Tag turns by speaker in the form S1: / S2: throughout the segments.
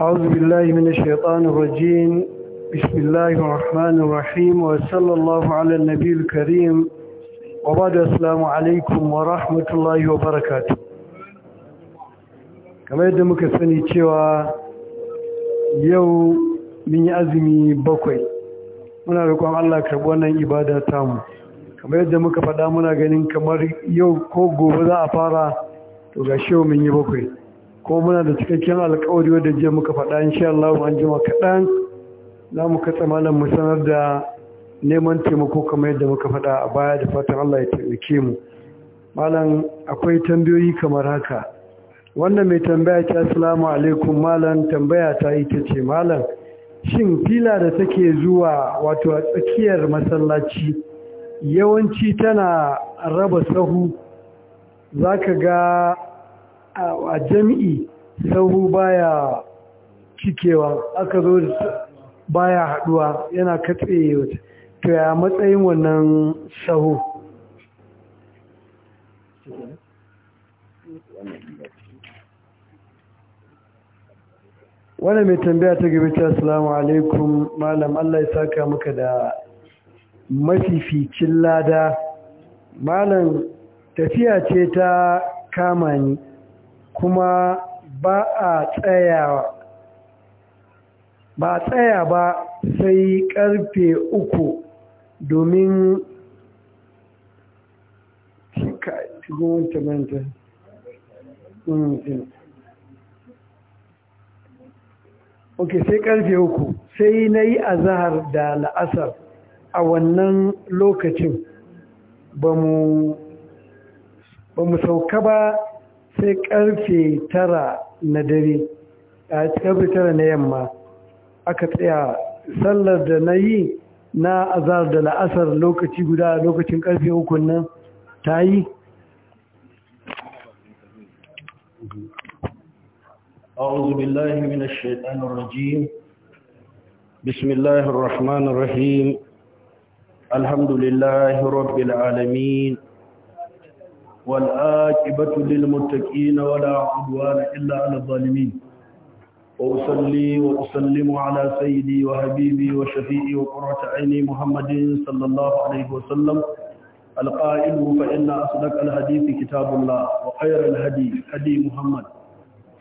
S1: أعوذ بالله من الشيطان الرجيم بسم الله الرحمن الرحيم وصلى الله على النبي الكريم وبعد السلام عليكم ورحمة الله وبركاته كما يدمك سني تشوى يو من أزمي بكوي muna roƙon Allah karɓi wannan ibada kamar yadda muka faɗa muna ganin kamar yau ko gobe za a fara to ga shi mun yi bakwai ko muna da cikakken alkawari wadda jiya muka faɗa sha Allah an jima kaɗan za mu katsa malam mu sanar da neman taimako kamar yadda muka faɗa a baya da fatan Allah ya taimake mu malam akwai tambayoyi kamar haka wannan mai tambaya ta assalamu alaikum malam tambaya ta ita ce malam shin fila da take zuwa wato a tsakiyar masallaci yawanci tana raba sahu za ka ga a jami'i sahu baya cikewa aka zo da baya haduwa yana katse wata to ya matsayin wannan sahu wannan mai tambaya ta gabata ta assalamu alaikum malam Allah ya saka maka da mafificin lada malam tafiya ce ta kama ni kuma ba a tsayawa ba tsaya ba sai karfe uku domin mm, ok sai karfe uku sai na yi azahar da la'asar a wannan lokacin ba mu sauka ba sai karfe tara na dare a karfe tara na yamma aka tsaya sallar da na yi na azar da la'asar lokaci guda lokacin karfe hukunan nan ta yi
S2: أعوذ بالله من الشيطان الرجيم بسم الله الرحمن الرحيم الحمد لله رب العالمين والآكبة للمتقين ولا عدوان إلا على الظالمين وأصلي وأسلم على سيدي وحبيبي وشفيئي وقرة عيني محمد صلى الله عليه وسلم القائل فإن أصدق الحديث كتاب الله وخير الهدي هدي محمد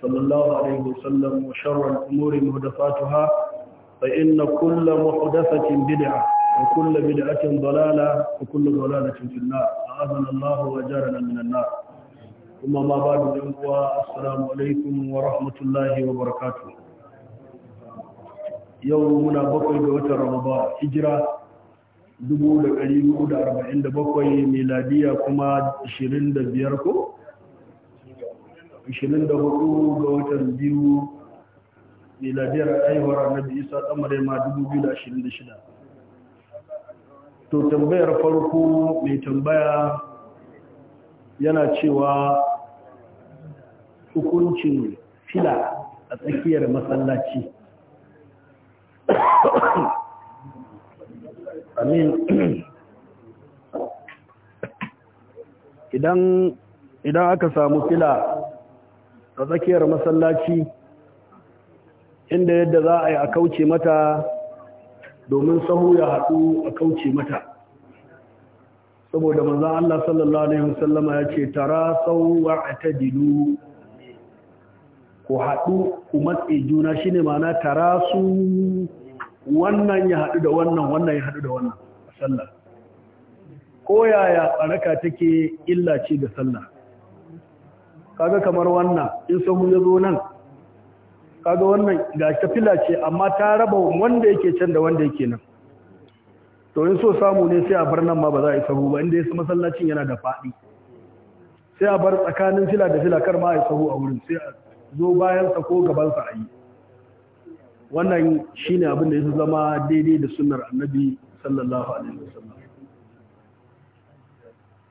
S2: صلى الله عليه وسلم وشر الأمور مهدفاتها فإن كل محدثة بدعة وكل بدعة ضلالة وكل ضلالة في النار أعزنا الله وجارنا من النار ثم ما بعد الإنقوى السلام عليكم ورحمة الله وبركاته يومنا بقي بوتى رمضاء هجرة dubu da ɗari huɗu da arba'in da bakwai miladiya kuma ashirin da biyar ko? ashirin da hudu ga watan biyu miladiyar aihuwar annabi isa ɗan marema dubu biyu da ashirin da shida to tambayar farko mai tambaya yana cewa hukuncin fila a tsakiyar masallaci amin idan idan aka samu fila a tsakiyar masallaci inda yadda za a yi a kauce mata domin sahu ya haɗu a kauce mata saboda manzan Allah sallallahu Alaihi wasallama ya ce tara wa a ta dilu ku haɗu ku matse juna shi ne mana tara su wannan ya haɗu da wannan wannan ya haɗu da wannan a sallah ko yaya ɓaraka take illa ce da sallah kaga kamar wannan in sahu ya zo nan kaga wannan ga fila ce amma ta raba wanda yake can da wanda yake nan to in so samu ne sai a bar nan ma ba za a yi sahu ba inda yasa masallacin yana da faɗi sai a bar tsakanin fila da fila kar ma a yi sahu a wurin sai a zo bayansa ko gabansa sa a yi wannan shine abin da yasa zama daidai da sunnar annabi sallallahu alaihi wasallam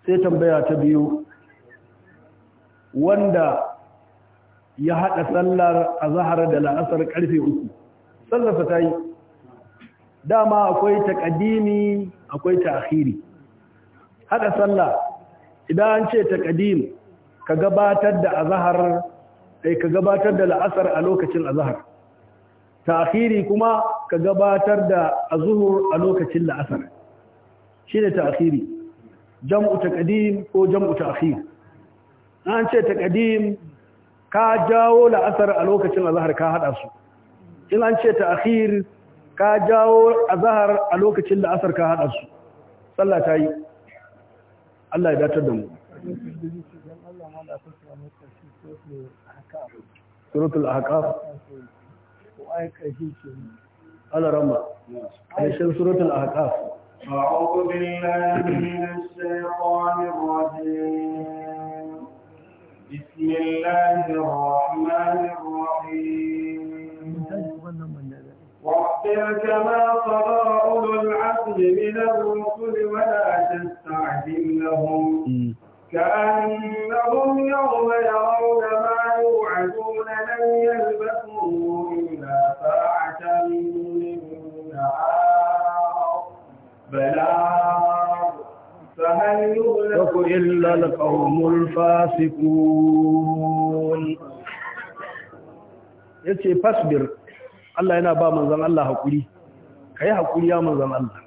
S2: sai tambaya ta biyu wanda ya haɗa sallar a zahar da la'asar karfe uku sallarsa ta yi dama akwai taƙadimi akwai akhiri haɗa sallah idan an ce taƙadim ka gabatar da azahar ka gabatar da la'asar a lokacin azahar akhiri kuma ka gabatar da azuhur a lokacin la'asar Shi shine akhiri jam'u taqdim ko jam'u akhiri an ce taqdim ka jawo la'asar a lokacin azahar ka hada su in an ce ta'khir ka jawo azahar a lokacin la'asar ka hada su sallah ta yi Allah ya datar da mu
S1: suratul ahqaf Allah rama ƙarshen suratul ahqaf
S3: a'udhu billahi minash الشيطان الرجيم بسم الله الرحمن الرحيم واصبر كما صبر أولو العزم من الرسل ولا تستعجل لهم كأنهم يوم يرون ما يوعدون لم يلبثوا
S2: إلا القوم الفاسقون yace fasbir Allah yana ba manzon Allah hakuri kai hakuri ya manzon Allah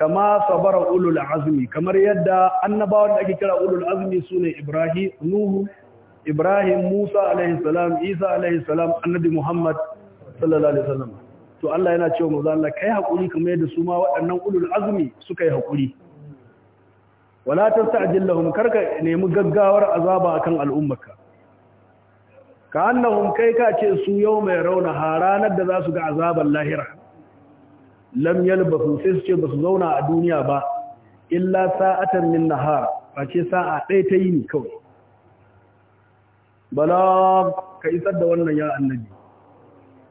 S2: kama sabara ulul azmi kamar yadda annabawan da ake kira ulul azmi sune Ibrahim Nuhu Ibrahim Musa alaihi salam Isa alaihi salam annabi Muhammad sallallahu alaihi wasallam to Allah yana cewa manzon Allah kai hakuri kamar yadda su ma waɗannan ulul azmi suka yi hakuri wala tasta'jil lahum karka nemi gaggawar azaba akan al'ummaka ka annahum kai ka ce su yau mai rauna ranar da za su ga azaban lahira lam yalbasu sai su ce ba su zauna a duniya ba illa sa'atan min nahar face sa'a ɗaya ta yini kawai bala ka isar da wannan ya annabi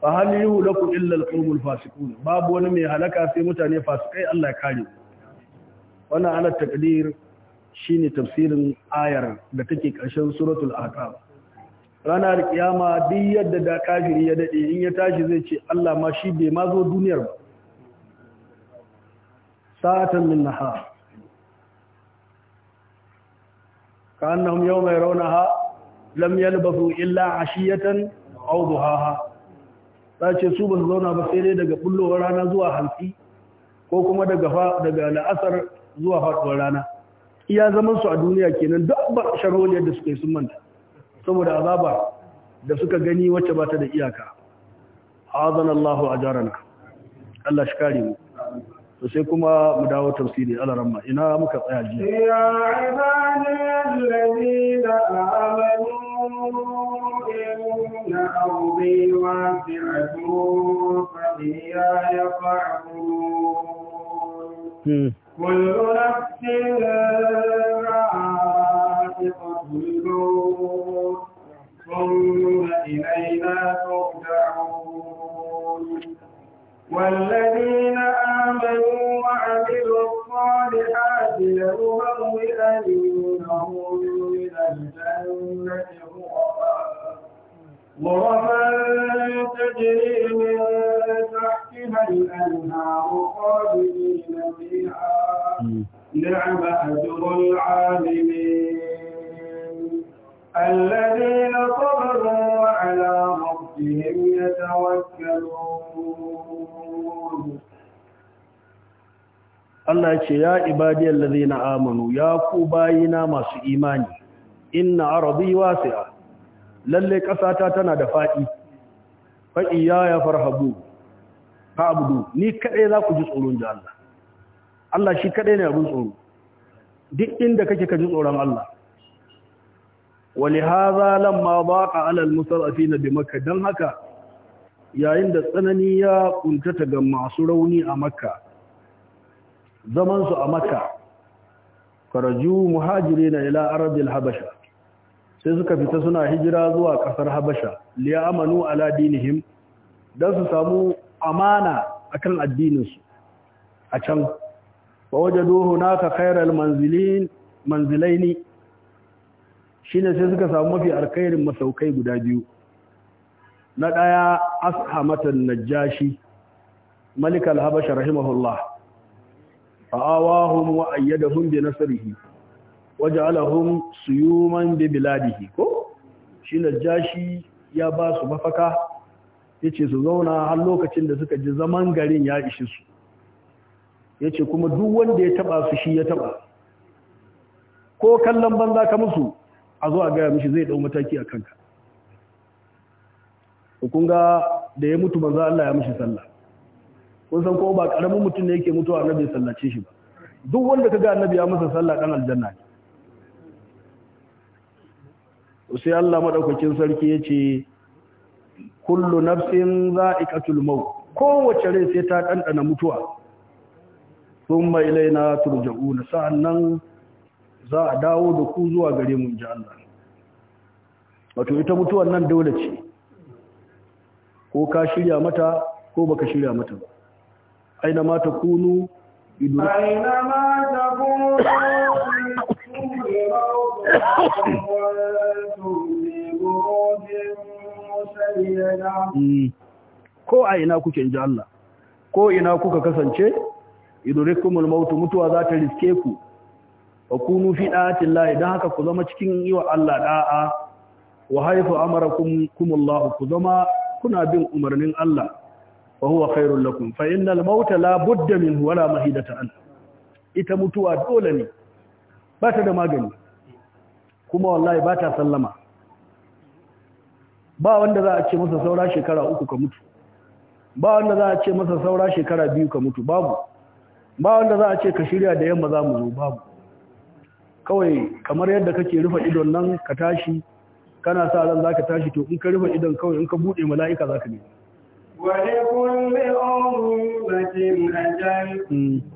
S2: fa hal yuhlaku illa alqawmul fasiqun babu wani mai halaka sai mutane fasikai Allah ya kare wannan ana takdir Shi ne tafsirin ayar da take ƙarshen suratul ahqaf ranar kiyama duk yadda da kafiri ya dade in ya tashi zai ce Allah ma shi bai ma zo duniyar ba sa'atan min nahar ka'annahum yawma yarawnaha lam yalbathu illa 'ashiyatan aw duhaha ce su ba su zauna ba sai dai daga bullowar rana zuwa hansi, ko kuma daga la'asar zuwa faduwar rana iya zaman su a duniya kenan duk ba sharholiyar da suka yi sun manta saboda azaba da suka gani wacce ba ta da iyaka azan Allahu ajarana Allah shi kare mu to sai kuma mu dawo tafsiri ramma ina muka tsaya jiya ya ibani
S3: alladina amanu inna ardi wasi'atun fa iyaya fa'budun hmm. كل نفس رائقة الموت ثم إلينا ترجعون والذين آمنوا وعملوا الصالحات لنبوئنهم من الجنة غرفا غرفا تجري من تحت الذين ربهم يتوكلون
S2: Allah ya ce ya ibadiyar na amanu ya ku bayina masu imani inna arabi wasi'a lalle ƙasata tana da faɗi faɗi ya ya farhabu fa'budu ni kadai za ku ji tsoron da Allah Allah shi kadai ne abin tsoro duk inda kake ka ji tsoron Allah ولهذا لما ضاق على المترفين Makka don haka yayin da tsanani ya ƙuntata ga masu rauni a Makka zaman su a Makka faraju muhajirina ila ardil habasha sai suka fita suna hijira zuwa ƙasar habasha liyamanu ala dinihim dan su samu amana akan addininsu a can na ka kairar manzilai ne manzilaini shine sai suka samu mafi alkhairin masaukai guda biyu na ɗaya ashamatan najashi malik alhabashi habasha rahimahullah fa'awahum wa ayyadahum bi waje alahun suyuman bi biladihi ko shi najashi ya ba su mafaka ya ce su zauna har lokacin da suka ji zaman garin ya ishi su ya ce kuma duk wanda ya taba su shi ya taba ko kallon banza ka musu a zo a gaya mishi zai dau mataki a kanka kun ga da ya mutu banza Allah ya mishi sallah kun san ko ba karamin mutum ne yake mutuwa annabi ya sallace shi ba duk wanda ga annabi ya masa sallah dan aljanna ne sai Allah madaukakin sarki yace kullu nafsin za'iqatul maut kowace rai sai ta dandana mutuwa sun mai laina turja'una sa'annan za a dawo da ku zuwa gare mu ji Allah wato ita mutuwan nan dole ce ko ka shirya mata ko baka shirya mata ba aina ma ta kunu idu
S3: aina ma ta kunu idu
S2: Mm. ko a ina kuke inji Allah ko ina kuka kasance idrikumul maut mutuwa za ta riske ku wa kunu fi da'atin lahi dan haka ku zama cikin yiwa Allah da'a wa haifu amarakum kumullahu ku zama kuna bin umarnin Allah wa huwa khairul lakum fa innal maut la budda minhu wala mahidata an ita mutuwa dole ne ba ta da magani kuma wallahi ba ta sallama ba wanda za a ce masa saura shekara uku ka mutu ba wanda za a ce masa saura shekara biyu ka mutu babu ba wanda za a ce ka shirya da yamma za mu zo babu kawai kamar yadda kake rufe idon nan ka tashi kana sa ran za ka tashi to in ka rufe idon kawai in ka buɗe mala'ika za ka ne
S3: وَلِكُلِّ أُمَّةٍ أَجَلٌ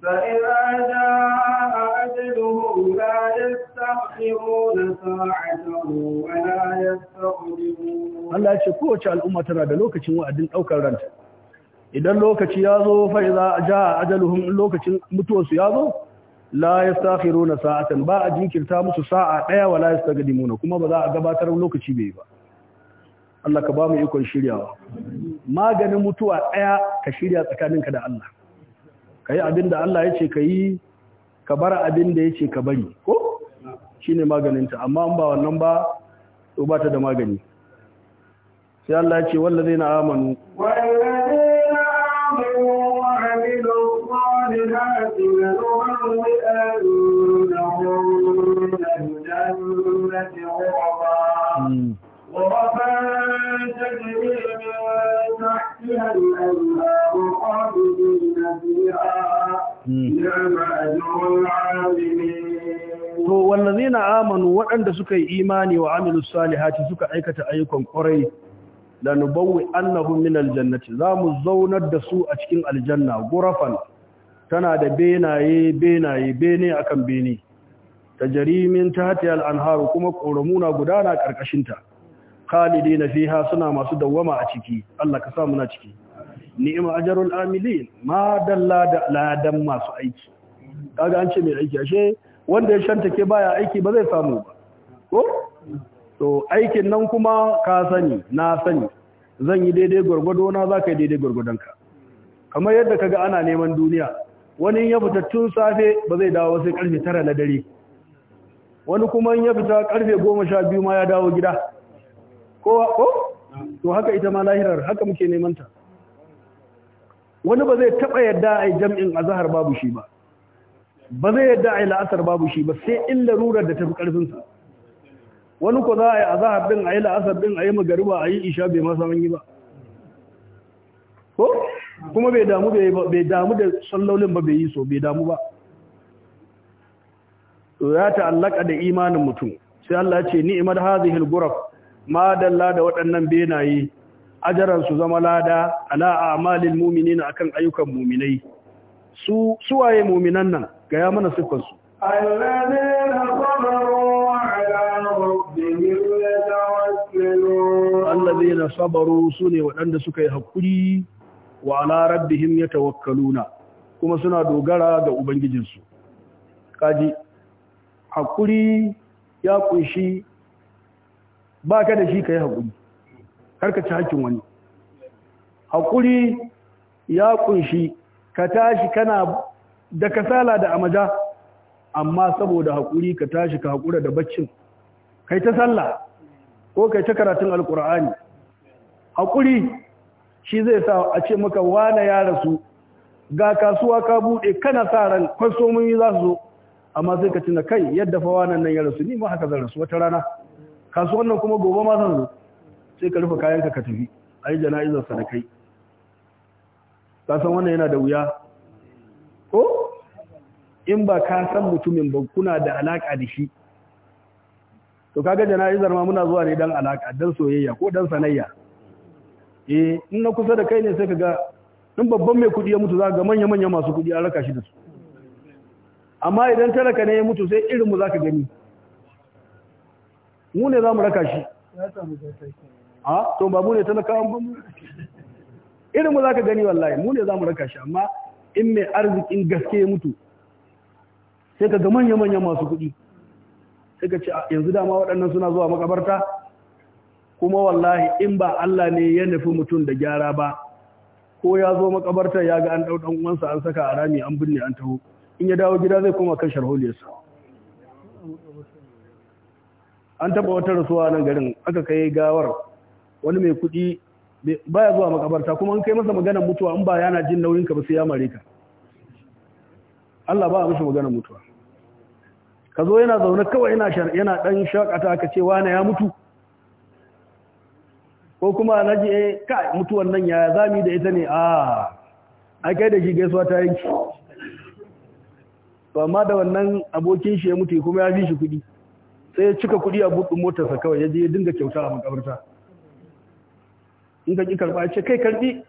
S3: فَإِذَا جَاءَ تقلبهم
S2: ce kowace al'umma tana da الله wa'adin ɗaukar ranta. Idan دلوك شنو أدن أو كرنت إذا a شيازو فإذا جاء أجلهم لوك ya zo, la yastakhiruna sa'atan ba a jinkirta musu sa'a daya gadi yastaqdimuna kuma ba za a gabatar lokaci bai ba Allah ka ba mu ikon shiryawa maganin mutuwa ɗaya ka shirya tsakaninka da Allah Kayi abin da Allah ya ce ka yi ka bar abin da ya ce ka bari ko shi ne maganinta amma ba wannan ba to ba ta da magani sai Allah ya ce zai na amanu
S1: Mm.
S3: غرفا تجري من تحتها الأنهار خالدين فيها Hmm.
S2: to wallazina amanu waɗanda suka yi imani wa amilus salihati suka aikata ayyukan ƙwarai la nubawwi annahum min aljannati mu zaunar da su a cikin aljanna gurafan tana da benaye benaye bene akan bene ta jarimin tahtiha al-anharu kuma ƙoramuna gudana karkashin ta khalidina fiha suna masu dawwama a ciki Allah ka sa muna ciki ni'ima ajarul amilin ma dalla da ladan masu aiki kaga an ce mai aiki ashe wanda ya shantake baya aiki ba zai samu ba ko to aikin nan kuma ka sani na sani zan yi daidai gwargwado na za ka yi daidai ka kamar yadda kaga ana neman duniya wani ya fita tun safe ba zai dawo sai karfe tara na dare wani kuma ya fita karfe goma sha biyu ma ya dawo gida ko ko to haka ita ma lahirar haka muke neman ta wani ba zai taɓa yadda a yi jam'in azahar babu shi ba ba zai yadda a yi la'asar babu shi ba sai in larurar da ta fi ƙarfinsa wani ko za a yi azahar ɗin a yi la'asar ɗin a yi magariba a yi isha bai masa an yi ba ko kuma bai damu bai damu da sallolin ba bai yi so bai damu ba ya ta'allaka da imanin mutum sai Allah ce ce ni'imar hazihil guraf ma dalla da waɗannan benaye ajaran su zama lada ala a'malil mu'minina akan ayyukan mu'minai su waye mu'minan nan ga ya mana sifar su
S3: alladheena sabaru
S2: ala rabbihim sune waɗanda suka yi hakuri wa ala rabbihim yatawakkaluna kuma suna dogara ga ubangijinsu kaji hakuri ya kunshi baka da shi kai hakuri karka ci hakkin wani haƙuri ya ƙunshi ka tashi kana da kasala da amaja amma saboda haƙuri ka tashi ka haƙura da baccin kai ta sallah ko kai ta karatun alkur'ani haƙuri shi zai sa a ce maka wane ya rasu ga kasuwa ka buɗe kana sa ran kwasomomi za su zo amma sai ka tuna kai yadda fa wannan nan ya rasu ni ma haka zan rasu wata rana kasuwan nan kuma gobe ma zan zo sai ka rufe kayanka ka tafi a yi jana'izar sadakai ka san wannan yana da wuya ko in ba ka san mutumin ba kuna da alaka da shi to kaga jana'izar ma muna zuwa ne dan alaka dan soyayya ko dan sanayya eh in na kusa da kai ne sai kaga in babban mai kudi ya mutu za ga manya manya masu kudi an raka shi da su amma idan talaka ne ya mutu sai irin mu zaka gani mu ne za mu raka shi a to ba mu ne ta talakawan ba mu irin mu za ka gani wallahi mu ne za mu raka shi amma in mai arzikin gaske ya mutu sai ka ga manya manya masu kuɗi sai ka ce yanzu dama waɗannan suna zuwa makabarta kuma wallahi in ba Allah ne ya nufi mutum da gyara ba ko ya zo makabarta ya ga an ɗau ɗan uwansa an saka a rami an binne an taho in ya dawo gida zai koma kan sharholiyarsa an taɓa wata rasuwa nan garin aka kai gawar wani mai kuɗi baya zuwa makabarta kuma in kai masa maganar mutuwa in ba yana jin nauyin ka ba sai ya mare ka Allah ba a mishi maganar mutuwa ka zo yana zaune kawai yana yana dan shakata ka ce wani ya mutu ko kuma na ji eh, ka mutuwan nan ya zami da ita ne a a kai da shi gaisuwa ta yanki to amma da wannan abokin shi ya mutu kuma ya fi shi kuɗi sai ya cika kuɗi a buɗin motarsa kawai ya je ya dinga kyauta a makabarta in ka ki karɓa ce kai karɓi.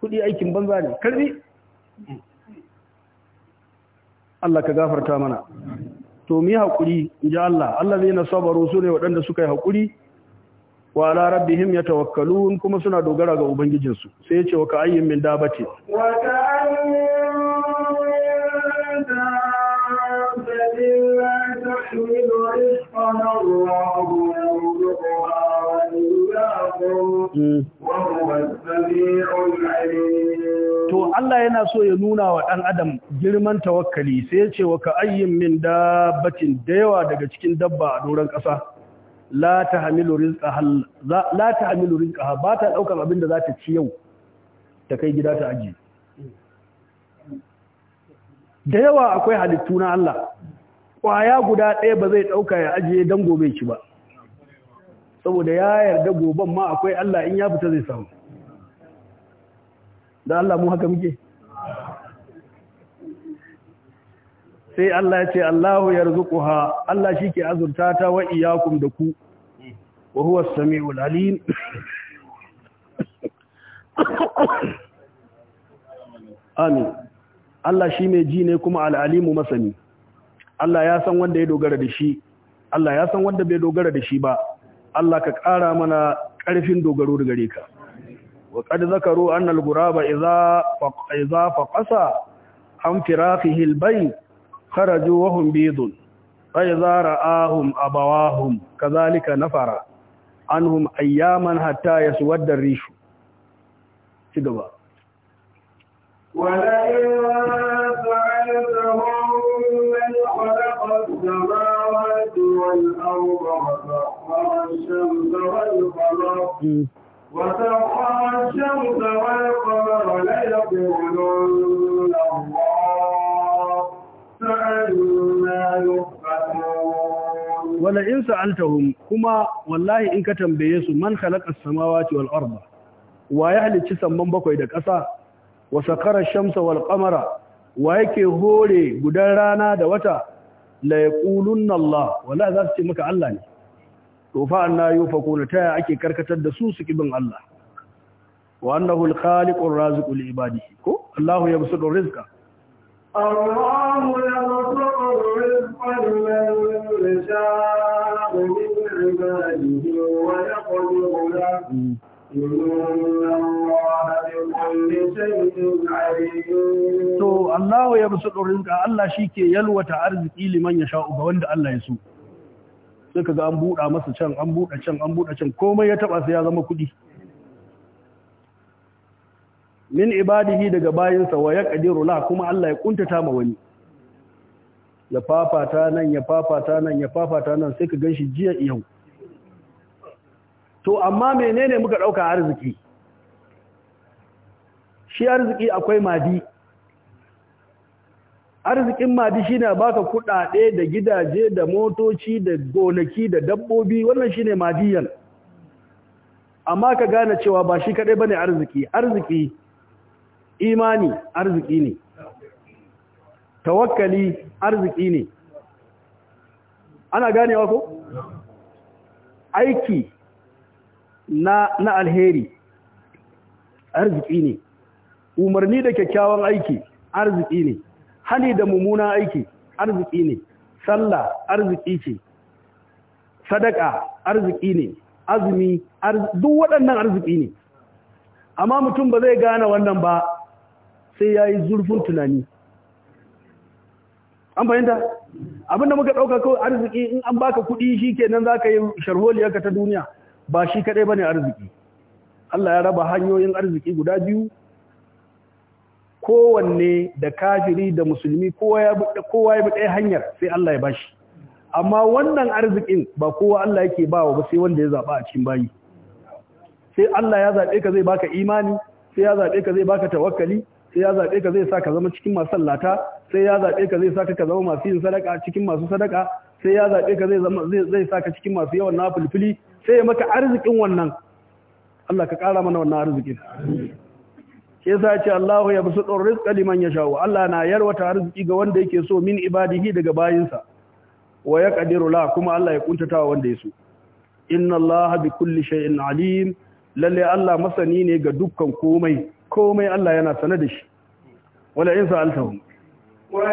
S2: Kuɗi aikin banza ne Karɓi. Allah ka gafarta mana to mu yi hakuri ji Allah Allah zai nasabaru su ne waɗanda suka yi hakuri wa ala rabbihim yatawakkalun kuma suna dogara ga ubangijinsu sai ya ce wa ayyin min dabati
S3: wa ka'ayyin من
S2: To Allah yana so ya nuna wa ɗan adam girman tawakkali sai ya ce wa ka ayyin min dabbatin da yawa daga cikin dabba a doron ƙasa la ta hamilu rizqaha ba ta ɗaukar abin da za ta ci yau ta kai gida ta aji. Da yawa akwai halittu na Allah ƙwaya guda ɗaya ba zai ɗauka ya ajiye don gobe ki ba. saboda ya yarda goban ma akwai Allah in ya fita zai samu da Allah mu haka muke sai Allah ya ce Allahu yarzuquha Allah shike azurta ta wa iyakum da ku wa huwa as-sami'ul alim amin Allah shi mai ji ne kuma al'alimu masani Allah ya san wanda ya dogara da shi Allah ya san wanda bai dogara da shi ba Allah ka ƙara mana ƙarfin dogaro da gare ka wa qad zakaru anna al-ghuraba idha fa faqasa an firaqihi al-bayt kharaju wa hum bidun fa idha ra'ahum abawahum kadhalika nafara anhum ayyaman hatta yaswadda ar-rishu ci gaba
S3: ولئن سألتهم wani خلق السماوات Wala
S2: in sa’altahun kuma wallahi in ka tambaye su man halakar samawa ce wal arba, wa ya halicci samman bakwai da ƙasa, wa sakara shamsa wal ƙamara, wa yake hore gudan rana da wata, la ya ƙulun Allah, wallahi za su ce maka Allah ne. to fa anna da ta ake karkatar da su su kibin Allah wa annahu al-khaliqur raziqu li ibadihi ko Allah ya busudu rizqa
S3: Allah ya busudu rizqa liman yasha'u ibadihi wa yaqdiru lahu inna Allah bi kulli shay'in alim
S2: to Allah ya busudu rizqa Allah shike yalwata arziki liman yasha'u ga wanda Allah ya so sai ka ga an buɗa masa can an buɗa can an buɗa can komai ya taɓa sai ya zama kuɗi min ibadihi daga bayinsa wa yaqdiru la kuma Allah ya kuntata ma wani ya fafata nan ya fafata nan ya fafata nan sai ka ganshi jiya yau to amma menene muka ɗauka arziki shi arziki akwai madi arzikin madi ne baka kuɗaɗe da gidaje da motoci da gonaki da dabbobi wannan shi ne madiyan amma ka gane cewa ba shi ba ne arziki arziki imani arziki ne tawakkali arziki ne ana ganewa ko aiki na na alheri arziki ne umarni da kyakkyawan aiki arziki ne hani da mummuna aiki arziki ne sallah arziki ce sadaka arziki ne azumi duk waɗannan arziki ne amma mutum ba zai gane wannan ba sai ya yi zurfin tunani an fahimta abinda muka ɗauka kawai arziki in an baka kuɗi shi ke nan za ka yi sharholiyarka ta duniya ba shi kaɗai ba ne arziki Allah ya raba hanyoyin arziki guda biyu kowanne da kafiri da musulmi kowa ya bi ɗaya hanyar sai Allah ya bashi amma wannan arzikin ba kowa Allah yake bawa ba sai wanda ya zaɓa a cikin bayi sai Allah ya zaɓe ka zai baka imani sai ya zaɓe ka zai baka tawakkali sai ya zaɓe ka zai sa ka zama cikin masu sallata sai ya zaɓe ka zai sa ka zama masu yin sadaka cikin masu sadaka sai ya zaɓe ka zai zama zai sa ka cikin masu yawan nafilfili sai ya maka arzikin wannan Allah ka ƙara mana wannan arzikin shi yasa ce Allahu ya bisu ɗin rizqa liman ya shawo Allah na yarwata arziki ga wanda yake so min ibadihi daga bayinsa wa ya qadiru la kuma Allah ya kuntata wanda ya so inna Allah bi kulli shay'in alim lalle Allah masani ne ga dukkan komai komai Allah yana sanar da shi wala in sa'altahum wala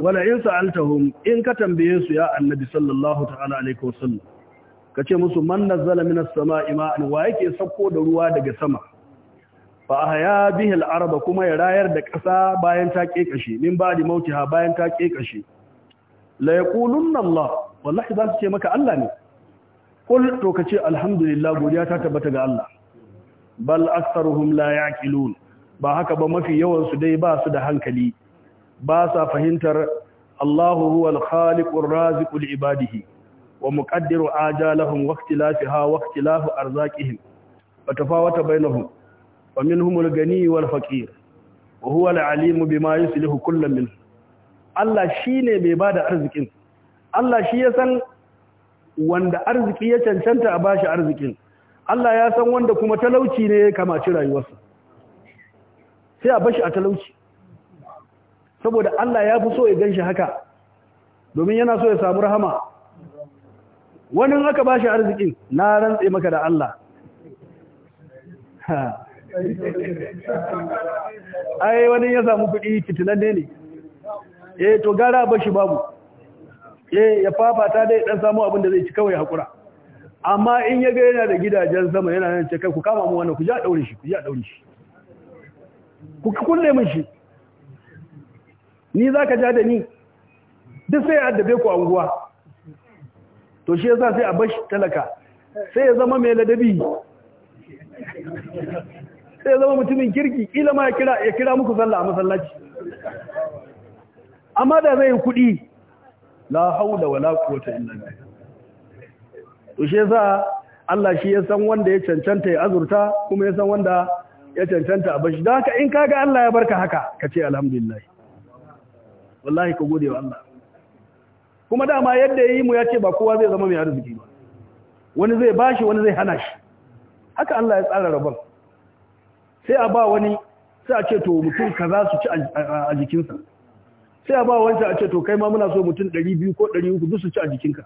S2: wala in sa'altahum in ka tambaye su ya annabi sallallahu ta'ala alaihi wasallam kace musu man nazala minas sama'i ma'an wa yake sako da ruwa daga sama fa ahya bihi al ard kuma ya rayar da ƙasa bayan ta kekashe min ba'di mautiha bayan ta kekashe la yaqulunna Allah wallahi za su ce maka Allah ne kul to kace alhamdulillah godiya ta tabbata ga Allah bal aktharuhum la yaqilun ba haka ba mafi yawan su dai ba su da hankali ba sa fahimtar Allahu huwal khaliqur raziqul ibadihi wa muqaddiru ajalahum wa ikhtilafiha wa ikhtilafu arzaqihim wa tafawata bainahum wa minhumul ghani wal faqir wa huwal alim bima yuslihu kullam min. Allah shine mai bada arzikin Allah shi ya san wanda arziki ya cancanta a bashi arzikin Allah ya san wanda kuma talauci ne ya kamaci rayuwarsa sai a bashi a talauci saboda Allah ya fi so ya ganshi haka domin yana so ya samu rahama wani aka shi arzikin na rantse maka da Allah ai wani ya samu kuɗi fitinanne ne eh to gara bashi babu eh ya fafata dai dan samu abin da zai ci kawai hakura amma in ya ga yana da gidajen sama yana nan ce kai ku kama mu wannan ku ja daure shi ku ja daure shi ku kulle min shi ni za ka ja da ni duk sai ya addabe ku anguwa to shi yasa sai a bar shi talaka sai ya zama mai ladabi sai ya zama mutumin kirki kila ma ya kira ya kira muku sallah a masallaci amma da zai kuɗi la hawla wala quwwata illa billah to shi yasa Allah shi ya san wanda ya cancanta ya azurta kuma ya san wanda ya cancanta a bashi da haka in kaga Allah ya barka haka ka ce alhamdulillah wallahi ka gode wa Allah kuma dama yadda ya yi mu ya ce ba kowa zai zama mai arziki ba wani zai bashi wani zai hana shi haka Allah ya tsara rabon sai a ba wani sai a ce to mutum kaza su ci a jikinsa sai a ba wancan a ce to kai ma muna so mutum 200 ko 300 duk su ci a jikinka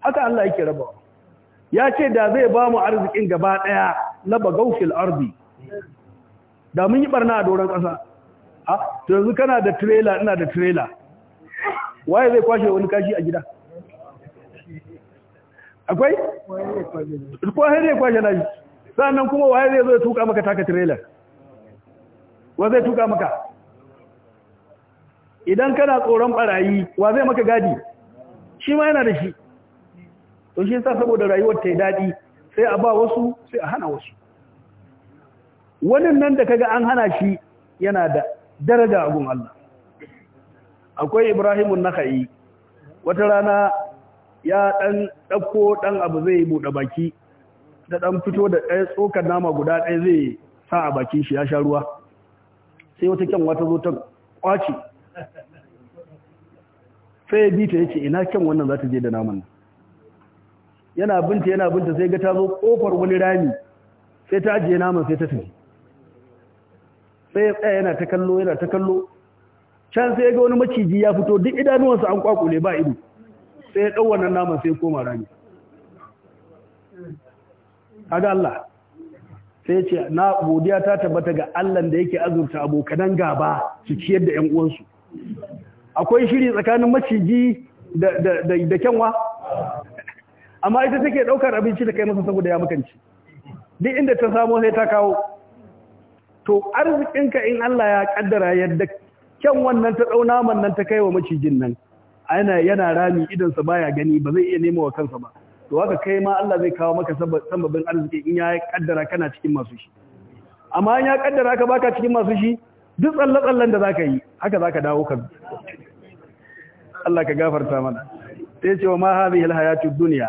S2: haka Allah yake rabawa ya ce da zai ba mu arzikin gaba daya na bagaufil ardi da mun yi barna a doron kasa a to yanzu kana da trailer ina da trailer waye zai kwashe wani kashi a gida akwai ko har zai kwashe na shi. sannan kuma waye zai zo ya tuka maka taka trailer wa zai tuka maka idan kana tsoron barayi wa zai maka gadi shi ma yana da shi to shi yasa saboda rayuwar ta yi daɗi sai a ba wasu sai a hana wasu wannan nan da kaga an hana shi yana da daraja a gun Allah akwai ibrahimun naka'i wata rana ya ɗan dauko ɗan abu zai buɗe baki da ɗan fito da ɗaya tsokar nama guda ɗaya zai sa a bakin shi ya sha ruwa sai wata kyanwa ta zo ta kwace sai ya bi ta yace ina kyan wannan za ta je da naman nan yana binta yana binta sai ga ta zo kofar wani rami sai ta ajiye naman sai ta tafi sai ya tsaya yana ta kallo yana ta kallo can sai ga wani maciji ya fito duk idanuwansa an kwakule ba ido sai ya ɗau wannan naman sai koma rami kaga Allah sai ce na godiya ta tabbata ga Allah da yake azurta abokanan gaba su ciyar da 'yan uwansu akwai shiri tsakanin maciji da kyanwa amma ita take daukar abinci da kai masa saboda ya makanci duk inda ta samu sai ta kawo to arzikinka in Allah ya kaddara yadda kyan wannan ta dauna man nan ta kai wa macijin nan ana yana rami idan sa baya gani ba zai iya nema wa kansa ba to haka kai ma Allah zai kawo maka sababbin arziki in ya kaddara kana cikin masu shi amma in ya kaddara ka baka cikin masu shi duk tsalle-tsallen da zaka yi haka zaka dawo ka Allah ka gafarta mana sai ce wa ma hadhihi alhayatu dunya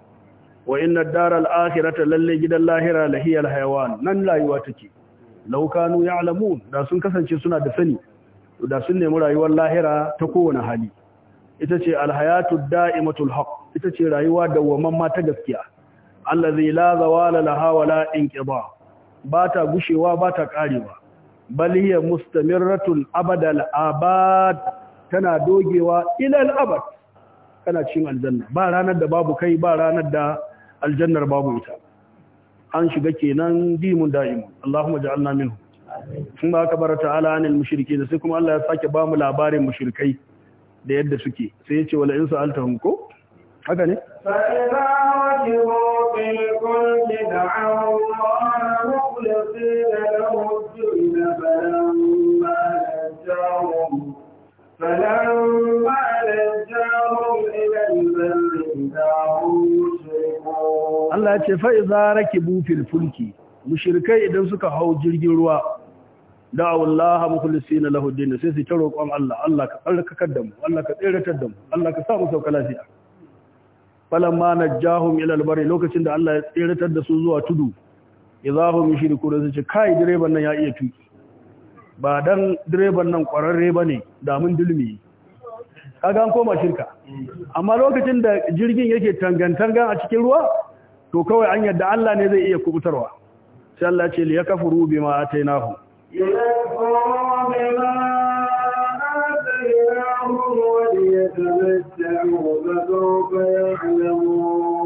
S2: wa inna daral akhirata lalle gidan lahira lahiyal hayawan nan rayuwa take law kanu ya'lamun da sun kasance suna da sani da sun nemi rayuwar lahira ta kowane hali ita ce alhayatu da'imatul haqq ita ce rayuwa ma ta gaskiya allazi la zawala laha wala inqida ba ta gushewa ba ta karewa bal hiya mustamirratun abadal abad tana dogewa ilal abad kana cin aljanna ba ranar da babu kai ba ranar da aljannar babu ita an shiga kenan dimun da'imu, Allahumma ja'alna minhu sun ba ka bar ta'ala anil mushriki da sai kuma Allah ya sake ba mu labarin mushrikai da yadda suke sai ya ce wala in hum ko haka ne
S3: fa idza wajibu bil kulli فلما
S2: Allah ce fa'iza rake bufin fulki, mushirkai idan suka hau jirgin ruwa, da'awun Allah mukulisi na lahuddin sai su ta roƙon Allah, Allah ka ƙarƙakar da mu, Allah ka tseratar da mu, Allah ka samu sauka lafiya. Falan ma na jahun ilalbari lokacin da Allah ya tseratar da su zuwa tudu, ya za mu da kuma su ce, kai direban nan ya iya tuki. Ba dan direban nan ƙwararre ba ne, damun dulmi. Kaga an koma shirka. Amma lokacin da jirgin yake tangantangan a cikin ruwa, to kawai an yadda Allah ne zai iya kubutarwa sai Allah ce li yakfuru bima atainahu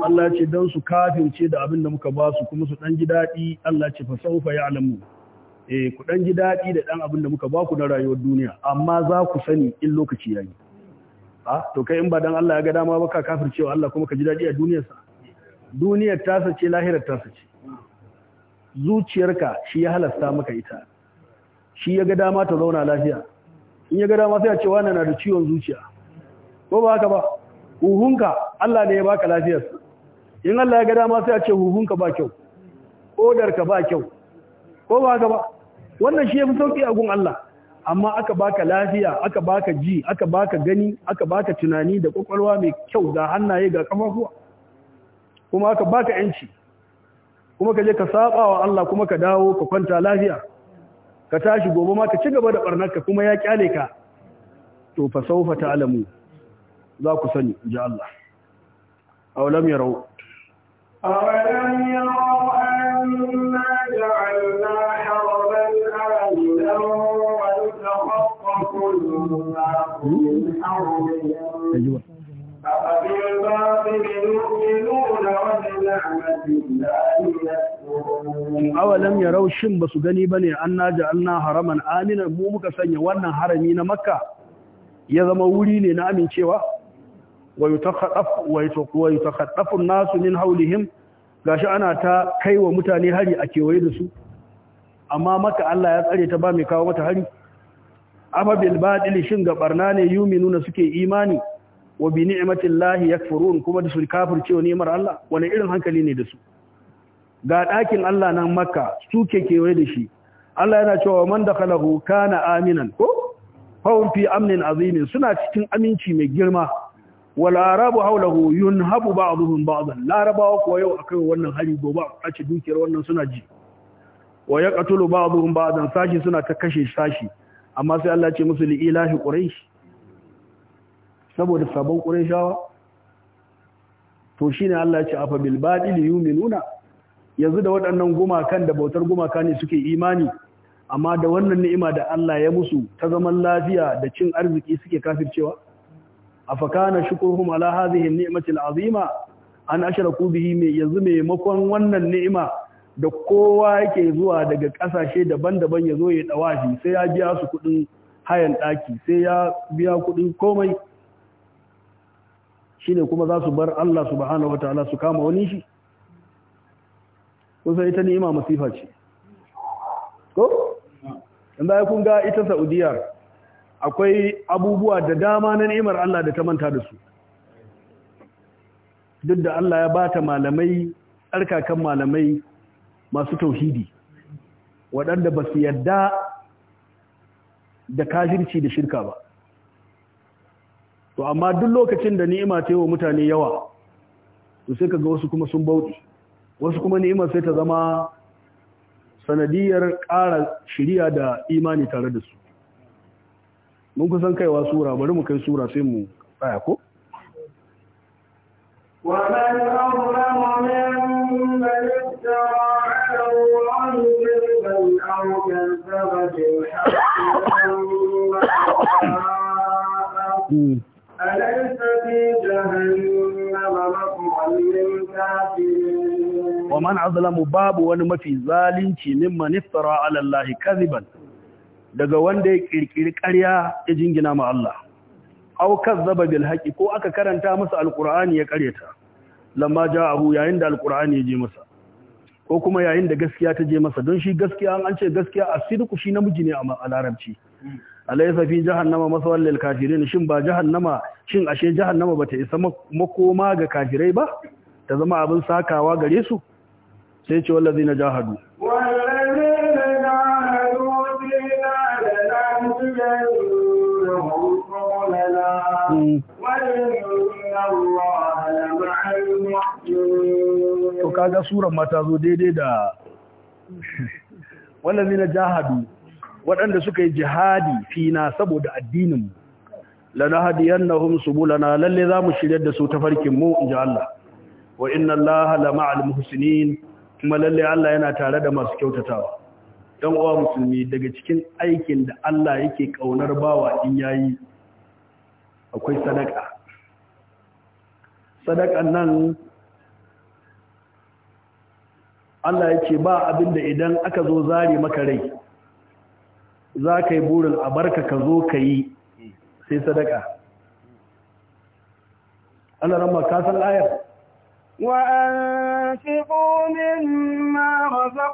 S2: Allah ce don su kafirce da abin da muka ba su kuma su ɗan ji daɗi Allah ce fa ya alamu e eh, ku ɗan ji daɗi da ɗan abin da muka ba ku na rayuwar duniya amma za ku sani in lokaci yayi a ah, to kai in ba dan Allah ya ga dama baka kafircewa Allah kuma ka ji daɗi a duniyarsa duniyar tasa ce lahirar tasa ce zuciyarka shi ya halasta maka ita shi ya ga dama ta zauna lafiya in ya ga dama sai a ce wannan na da ciwon zuciya ko ba haka ba huhunka Allah ne ya baka lafiyar in Allah ya ga dama sai a ce huhunka ba kyau ka ba kyau ko ba haka ba wannan shi ya fi sauki a gun Allah amma aka baka lafiya aka baka ji aka baka gani aka baka tunani da kwakwalwa mai kyau ga hannaye ga kafafuwa kuma aka baka yanci kuma ka je ka saba wa Allah kuma ka dawo ka kwanta lafiya ka tashi gobe ma ka ci gaba da barnarka kuma ya kyale ka to fa saufa ta'lamu za ku sani inji Allah aw lam yarau aw
S3: lam yarau anna ja'alna haraban aminan wa yatakhaffafu an-nas min hawlihim awalam ya وبنعمة الله ba أولم يروا
S2: شن بس غني بني أنا جعلنا حرما آمنا mu muka sanya wannan harami na Makka ya zama wuri ne na amincewa wa ta an-nasu min Ga shi ana ta kai wa mutane hari a kewaye da su amma maka Allah ya tsare ta ba mai kawo mata hari amma bilbaɗi shin ga ɓarna ne nuna suke imani wa bi ni'matillahi yakfurun kuma da su kafircewa ni'mar Allah wani irin hankali ne da su ga ɗakin Allah nan makka su ke kewaye da shi Allah yana cewa man dakhalahu kana aminan ko fawun fi amnin azimin suna cikin aminci mai girma wal arabu hawlahu yunhabu ba'dhum ba'dhan larabawa ko yau akai wannan hali, gobe a ci dukiyar wannan suna ji wa yaqtulu ba'dhum ba'dhan sashi suna ta kashe sashi amma sai Allah ya ce musu li ilahi quraish saboda sabon ƙurayshawa to shi ne Allah ya ce afa bil badil yu'minuna yanzu da waɗannan gumakan da bautar gumaka ne suke imani amma da wannan ni'ima da Allah ya musu ta zaman lafiya da cin arziki suke kafircewa afakana shukurhum ala hadhihi ni'mati al'azima an ashraku bihi mai yanzu maimakon wannan ni'ima da kowa yake zuwa daga kasashe daban-daban ya zo ya dawashi sai ya biya su kudin hayan daki sai ya biya kudin komai shine kuma za su bar Allah subhanahu ta'ala su kama wani shi kusa ita ni'ima masifa ce ko in za kun ga ita Saudiya akwai abubuwa da dama na ni'imar Allah da ta manta da su duk da Allah ya bata malamai tsarkakan malamai masu tauhidi waɗanda ba su yadda da kashirci da shirka ba to amma duk lokacin da ni'ima ta yi wa mutane yawa to sai kaga wasu kuma sun bauti wasu kuma ni'imar sai ta zama sanadiyar ƙara shirya da imani tare da su mun kusan kaiwa sura bari mu kai sura sai mu tsaya ko Mm-hmm.
S3: أليس في جهنم مطوى للكافرين
S2: ومن أظلم باب ونمفي ذلك ممن افترى على الله كذبا daga wanda ya kirkiri ƙarya ya jingina ma Allah aw kazzaba bil haqi ko aka karanta masa alqur'ani ya kareta lamma ja'ahu yayin da alqur'ani ya je masa ko kuma yayin da gaskiya ta je masa don shi gaskiya an ce gaskiya a shi namiji ne a larabci alaysa fi jahannama maswal lil kafirin shin ba jahannama shin ashe jahannama bata isa makoma ga kafirai ba ta zama abin sakawa gare su sai ce wallazi jahadu
S3: jahadu fina hmm.
S2: to kaga suran mata zo daidai da zina jahadu waɗanda suka yi jihadi fina saboda addininmu lana hadiyannahum subulana lalle za mu shirya da su tafarkin mu ji Allah wa inna Allah la ma'al muhsinin kuma lalle Allah yana tare da masu kyautatawa dan uwa musulmi daga cikin aikin da Allah yake kaunar bawa in yayi akwai sadaka sadakan nan Allah yake ce ba abinda idan aka zo zari maka rai za ka yi burin a barka ka zo ka yi sai sadaka Allah ramma ka san ayar wa
S3: anfiqu mimma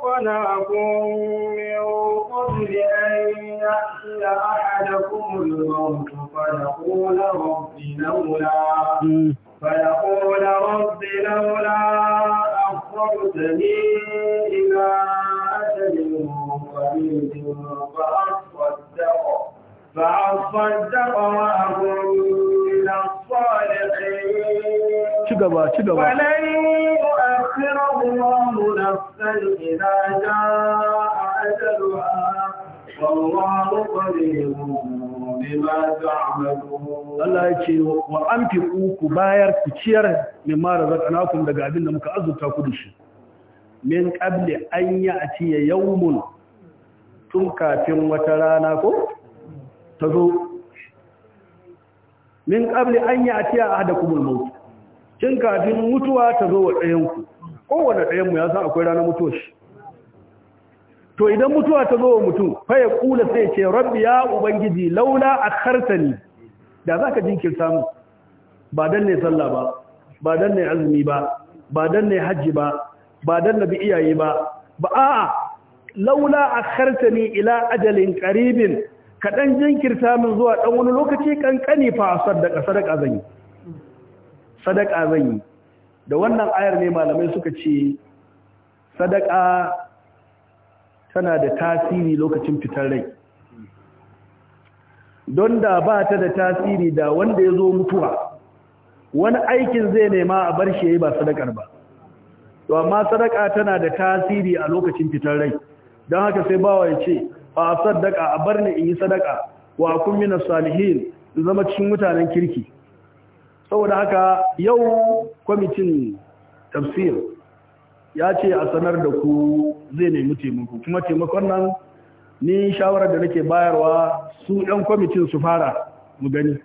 S3: ya min qabli an ya'tiya ahadakum al-maut fa yaqula rabbi lawla hmm. fa yaqula rabbi lawla akhrajtani ila حميد فأصدق فأصدق وأكون Allah
S2: ya ce wa an fi uku bayar ku ciyar mai mara zakanakun daga abin da muka azurta Kudu shi min ƙabli an yi a ciye tun kafin wata rana ko ta zo min ƙabli an yi a tiya a hada kumul mutu tun kafin mutuwa ta zo wa ɗayanku kowane ɗayanmu ya san akwai rana mutuwa shi to idan mutuwa ta zo wa mutum faya kula sai ce rabbi ya ubangiji laula a kartani da za ka jinkirta mu ba don ne sallah ba ba don ne azumi ba ba don ne hajji ba ba don na bi iyaye ba ba a'a laula a kartani ila ajalin karibin kaɗan dan jinkirta min zuwa ɗan wani lokaci ƙanƙani fa sadaka sadaka zan yi sadaka zan yi da wannan ayar ne malamai suka ce sadaka tana da tasiri lokacin fitar rai don da ba ta da tasiri da wanda ya zo mutuwa wani aikin zai nema a bar shi ya yi ba sadakar ba to amma sadaka tana da tasiri a lokacin fitar rai don haka sai bawa ya ce a sadaka a bar ni in yi sadaka wa kun mina salihin zama cikin mutanen kirki saboda haka yau kwamitin tafsir ya ce a sanar da ku zai nemi taimako kuma taimakon nan ni shawarar da nake bayarwa su ɗan kwamitin su fara mu gani